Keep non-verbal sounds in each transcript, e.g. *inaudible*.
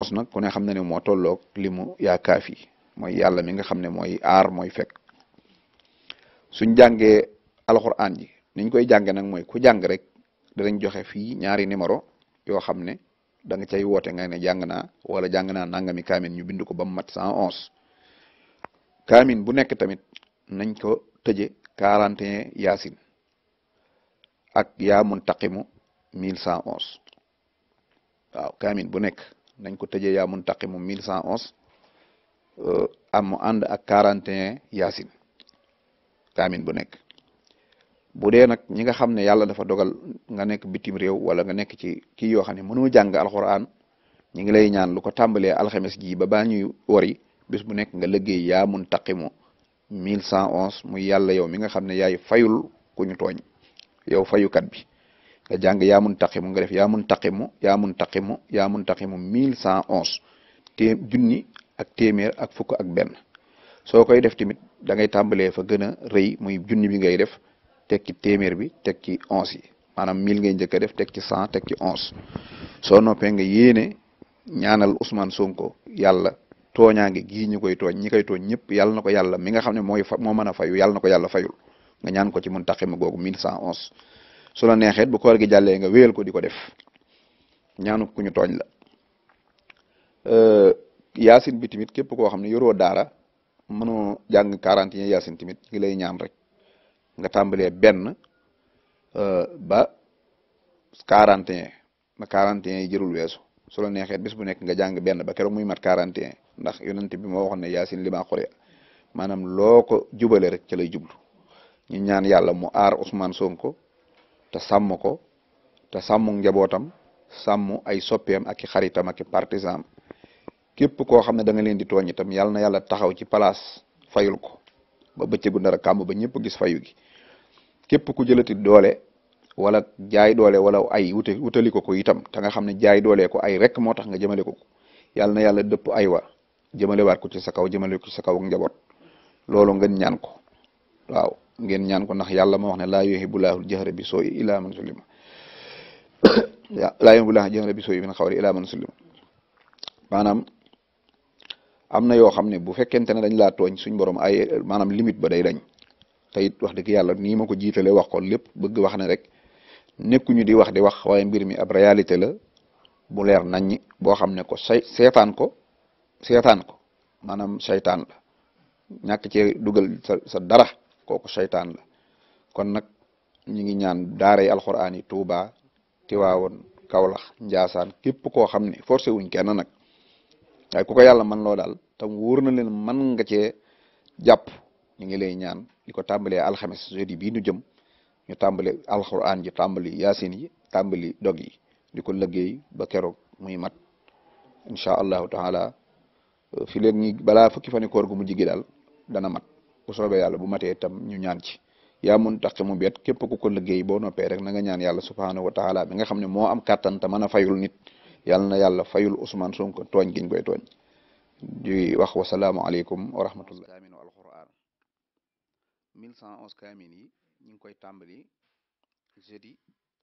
os nag ku ne xam na ne moo tolloog li mu yaa kaafi mooy yàlla mi nga xam ne mooy aar mooy fekk suñ jàngee alxuraan ji niñ koy jànge nag mooy ku jàng rek danañ joxe fi ñaari numéro yoo xam ne danga nga cay woote nga ne jàng naa wala jàng naa nangami kaamin ñu bind ko ba mu mat cent onze kaamin bu nekk tamit nañ ko tëje quarante yaasin ak yaa muntaqimu mille cent onze waaw kaamin bu nekk nañ ko tëjee yaa muntaqimu mille cent onze euh, am mu ànd ak quarante et un yaasin kaamin bu nekk bu dee nag ñi nga xam ne yàlla dafa dogal nga nekk bitim réew wala nga nekk ci kii yoo xam ne mënoo jàng alxuraan ñi ngi lay ñaan lu ko tàmbalee alxames ji ba baa ñuy wari bis bu nekk nga liggéey yaa muntaqimu mille cent onze muy yàlla yow mi nga xam ne yaay fayul ku ñu tooñ yow fayukat bi nga jàng yaa mun taqimu nga def yaa mun taqimu yaa mun taqimu yaa mun taqimu mille cent onze té junni ak téeméer ak fukk ak benn soo koy def tamit da ngay tàmbalee fa gën a rëy muy junni bi ngay def tekki ci bi teg ci onze yi maanaam mille ngay njëkk a def teg ci cent teg ci onze soo noppee nga yéene ñaanal Ousmane Sonko yàlla tooñaange gii ñu koy tooñ ñi koy tooñ ñëpp yàlla na ko yàlla mi nga xam ne mooy fa moo mën a fayu yàlla na ko yàlla fayul nga ñaan ko ci mun taqimu googu mille cent onze su la neexee bu koor gi jàllee nga wéyal ko di ko def ñaanu ku tooñ la euh, yaasin bi tamit képp koo xam ne yoroo daara mënoo jàng quarante yi yaasin tamit ngi lay ñaan rek nga tàmbalee benn euh, ba quarante et un ba quarante et un yi jërul weesu su neexee bis bu nekk nga jàng benn ba keroog muy mat quarante et un ndax yonent bi moo waxoon ne yaasin li maa xure maanaam loo jubale rek ca jublu ñu ñaan yàlla mu aar Ousmane Sonko te sàmm ko te sàmm njabootam sàmm ay soppeem ak i xaritam ak i partisan képp koo xam ne da nga leen di tooñ itam yàlla na yàlla taxaw ci place fayul ko ba ba bëccëgu ndara kàmb ba ñëpp gis fayu gi képp ku jëlati doole wala jaay doole wala ay wute wutali ko ko itam te nga xam ne jaay doole ko ay rek moo tax nga jëmale ko ko yàlla na yàlla dëpp ay wa jëmale waat ko ci sa kaw jëmale ko ci sa kaw njaboot loolu nga ñaan ko ngeen ñaan ko ndax yàlla moo wax ne laa yuhibbu bu al-jahra bi soo'i illaa man zulima *coughs* laa yuhibbu llaahu al-jahra bi soo'i min al-qawli illaa man zulima maanaam am na yoo xam ne bu fekkente ne dañ laa tooñ suñ borom ay maanaam limite ba day dañ te wax dëgg yàlla nii ma ko jiitalee wax ko lépp bëgg wax ne rek nekkuñu di wax di wax waaye mbir mi ab réalité la bu leer naññi boo xam ne ko say seetaan ko seetaan ko maanaam seytaan la ñàkk cee dugal sa sa dara kooku seytaan la kon nag ñu ngi ñaan daara yi alxuraan yi Tuuba Tiwaawoon Kawlax Njaasaan képp koo xam ne forcé wuñ kenn nag waaye ku ko yàlla man loo daal tam wóor na leen man nga cee jàpp ñu ngi lay ñaan di ko tàmbalee alxames jeudi bii nu jëm ñu tàmbale alxuraan ji tàmbali yaasin yi tàmbali dog yi di ko liggéey ba keroog muy mat incha allahu taala fi leen ñi balaa fukki fani koor gu mu daal dana mat bu soobee yàlla bu matee itam ñu ñaan ci yaa mun taqi mu beet képp ku ko liggéey boo noppee rek na ñaan yàlla subhaanahu wa taala bi nga xam ne moo am kàttan te mën a fayul nit yàlla na yàlla fayul Ousmane Sonko tooñ giñ koy tooñ di wax wasalaamualeykum wa rahmatullah kaaminu alquran mille cent onze kaamin yi ñu ngi koy tàmbali jeudi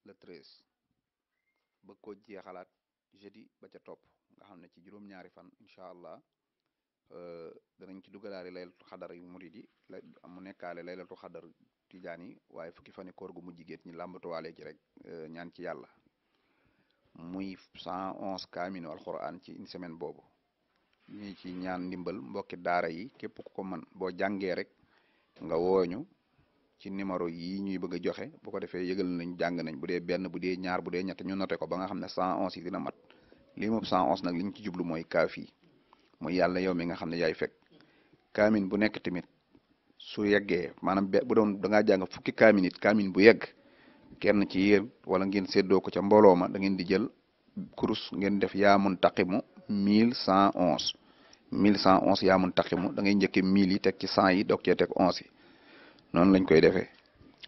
le treize bëgg koo jeexalaat jeudi ba ca topp nga xam ne ci juróom-ñaari fan incha allah Euh, danañ ci dugalaale laylatu xadar yu murid yi mu nekkaale laylatu xadar tijaan yi waaye fukki fani koor gu mujj géet ñi làmbatuwaale ci rek euh, ñaan ci yàlla muy cent onze kaaminu alquran ci une semaine boobu ñii ci ñaan ndimbal mbokki daara yi képp ko man boo jàngee rek nga wooñu ci numéro yi ñuy bëgg a joxe bu ko defee yëgal nañ jàng nañ bu dee benn bu dee ñaar bu dee ñett ñu noté ko ba nga xam ne cent onze yi dina mat lii moom cent onze nag liñ ci jublu mooy kaaf yi muy yàlla yow mi nga xam ne yaay fekk kaamin bu nekk tamit su yeggee maanaam bu doon da ngaa jàng fukki kaamin it bu yegg kenn ci yéen wala ngeen séddoo ko ca mbooloo ma da ngeen di jël kurus ngeen def yaamun taqimu mille cent onze mille cent onze yaamun taqimu da ngay njëkke mille yi teg ci cent yi doog cee teg onze yi noonu lañ koy defee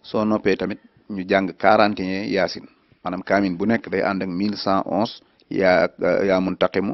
soo noppee tamit ñu jàng quarante et un yaasin maanaam kaamin bu nekk day ànd ak mille cent onze yaa yaamun taqimu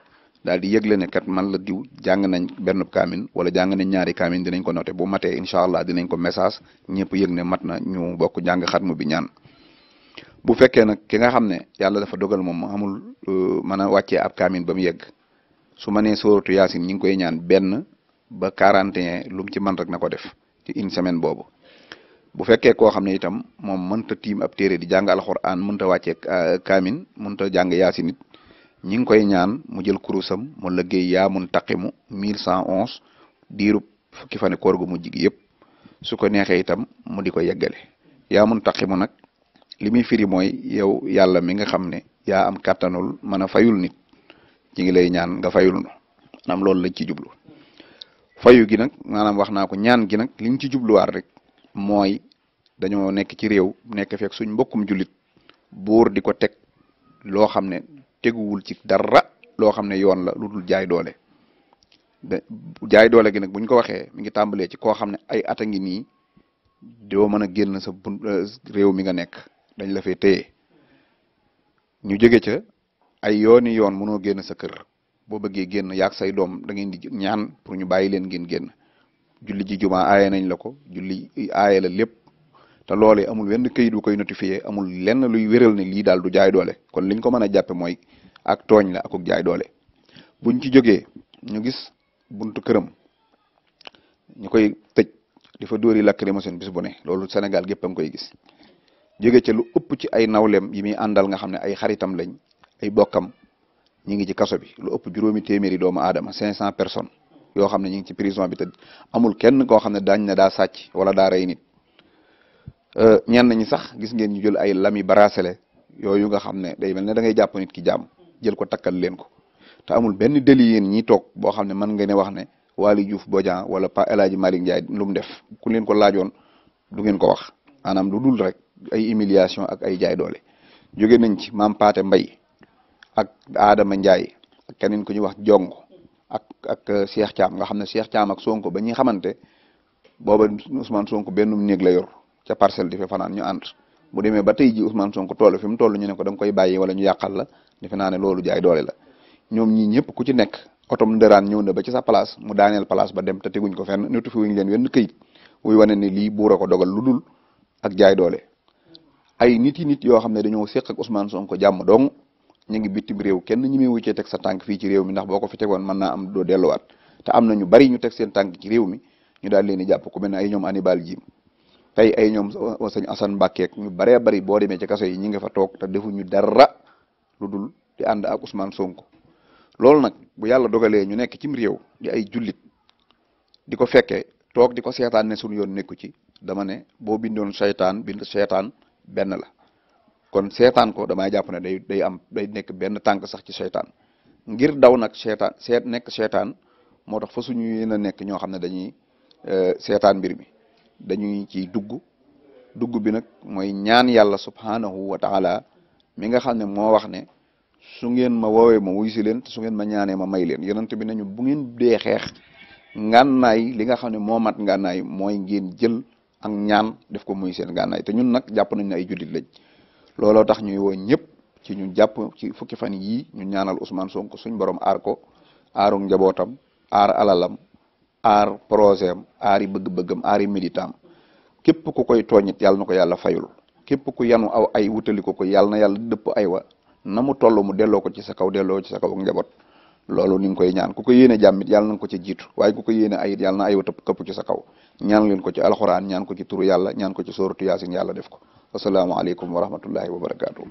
daal di yëgle ne kat man la diw jàng nañ benn kaamin wala jàng nañ ñaari kaamin dinañ ko noté boo matee incha allah dinañ ko message ñëpp yëg ne mat na ñu bokk jàng xatmu bi ñaan bu fekkee nag ki nga xam ne yàlla dafa dogal moom amul euh, mën a wàccee ab kaamin ba mu yegg su ma nee sóoratu yaasin ñi ngi koy ñaan benn ba 41 lu mu ci man rek na ko def ci une semaine boobu bu fekkee koo xam ne itam moom mënta tiim ab téere di jàng alxuraan mënta wàccee euh, kaamin mënta jàng yaasin ñi ngi koy ñaan mu jël kurusam mu liggéey yaa muntaqimu mille cent onze diirub fukki fane koor gu mujj gi yëpp su ko neexee itam mu di ko yeggale yaa muntaqimu nag li muy firi mooy yow yàlla mi nga xam ne yaa am kàttanul mën a fayul nit ñi ngi lay ñaan nga fayul nu loolu lañ ci jublu fayu gi nag maanaam wax naa ko ñaan gi nag liñ ci jubluwaat rek mooy dañoo nekk ci réew nekk fekk suñ mbokkum julit buur di ko teg loo xam ne teguwul ci dara loo xam ne yoon la lu dul jaay doole jaay doole gi nag buñ ko waxee mi ngi tàmbalee ci koo xam ne ay at ngin ngi nii doo mën a génn sa bu euh, réew mi nga nekk dañ la fee téye ñu jóge ca ay yooni yoon mënoo génn sa kër boo bëggee génn yaag say doom da ngeen di ñaan pour ñu bàyyi leen ngeen génn julli ji jumaa aaye nañ la ko julli aaye la lépp te loolee amul wenn kayit bu koy notifié amul lenn luy wéral ne lii daal du jaay doole kon liñ ko mën a jàppe mooy ak tooñ la akuk jaay doole buñ ci jógee ñu gis buntu këram ñu koy tëj di fa dóori lacrymogène bis bu ne loolu Sénégal gépp a ngi koy gis jege ca lu ëpp ci ay nawleem yi muy àndal nga xam ne ay xaritam lañ ay bokkam ñi ngi ci kaso bi lu ëpp juróomi téeméeri doomu aadama cinq cent personnes yoo xam ne ñi ngi ci prison bi te amul kenn koo xam ne daañ ne daa sàcc wala daa rey Euh, ñenn ñi sax gis ngeen ñu jël ay lami bracelet yooyu nga xam ne day mel ne da ngay jàpp nit ki jàmm jël ko takkal leen ko te amul benn déli yéen ñi toog boo xam ne mën nga ne wax ne Waly Diouf Bodian wala Pa El Hadj Malick Ndiaye lu def ku leen ko laajoon du ngeen ko wax maanaam lu dul rek ay humiliation ak ay jaay doole nañ ci maam Paate Mbay ak Adama Ndiaye keneen ku ñuy wax jong ak ak euh, Cheikh nga xam ne Cheikh caam ak Sonko ba ñuy xamante booba Ousmane Sonko benn néeg la yor. ca parcelle di fa fanaan ñu ànd bu demee ba tey ji Ousmane Sonko toll fi mu toll ñu ne ko da koy bàyyi wala ñu yàqal la defe naa ne loolu jaay doole la ñoom ñi ñëpp ku ci nekk otom ndëraan ñëw na ba ci sa place mu daaneel place ba dem te teguñ ko fenn nitu fi wuñ leen wenn këyit wuy wane ni lii buura ko dogal lu dul ak jaay doole ay nit yi nit yoo xam ne dañoo séq ak Ousmane Sonko jàmm dong ñu ngi bitim réew kenn ñi muy ci teg sa tànk fii ci réew mi ndax boo ko fi tegoon mën naa am doo delluwaat am na ñu bari ñu teg seen tànk ci réew mi ñu daal leen di jàpp ku mel ñoom Hannibal Djim tey ay ñoom sëñ Assane Mbacke ñu baree bari boo demee ci kaso yi ñi nga fa toog te ñu dara lu dul di ànd ak Ousmane Sonko loolu nag bu yàlla dogalee ñu nekk cim réew di ay jullit di ko fekkee toog di ko seetaan ne suñu yoon nekku ci dama ne boo bindoon seytaan bind seytaan benn la kon seetaan ko jàpp ne day day am day nekk benn tànk sax ci seytaan ngir daw nag seytaan seet nekk seytaan moo tax fa suñu yéen a nekk ñoo xam ne dañuy euh, seetaan mbir mi dañuy ci dugg dugg bi nag mooy ñaan yàlla subhaanahu wa taala mi nga xam ne moo wax ne su ngeen ma woowee moo wuy leen su ngeen ma ñaanee ma may leen yonent bi nañu bu ngeen dee xeex ngànnaay li nga xam ne moo mat ngànnaay mooy ngeen jël ak ñaan def ko muy seen ngànnaay te ñun nag jàpp nañ ne ay jullit lañ looloo tax ñuy woo ñëpp ci ñu jàpp ci fukki fan yii ñu ñaanal Ousmane sonk suñ borom aar ko aaru njabootam aar alalam aar projet am aari bëgg-bëggam aari militant képp ku koy tooñit yàlla na ko yàlla fayul képp ku yan aw ay wutali ko ko yàlla na yàlla dëpp ay wa na mu toll mu delloo ko ci sa kaw delloo ci sa kaw ak njaboot loolu ni nga koy ñaan ku ko yéene jàmmit yàlla na nga ko ci jiitu waaye ko ko yéene ayit yàlla na ay wa tëpp këpp ci sa kaw ñaan leen ko ci alxuraan ñaan ko ci turu yàlla ñaan ko ci sóoratu yaasin yàlla def ko asalaamaaleykum wa rahmatullahi wa barakaatu.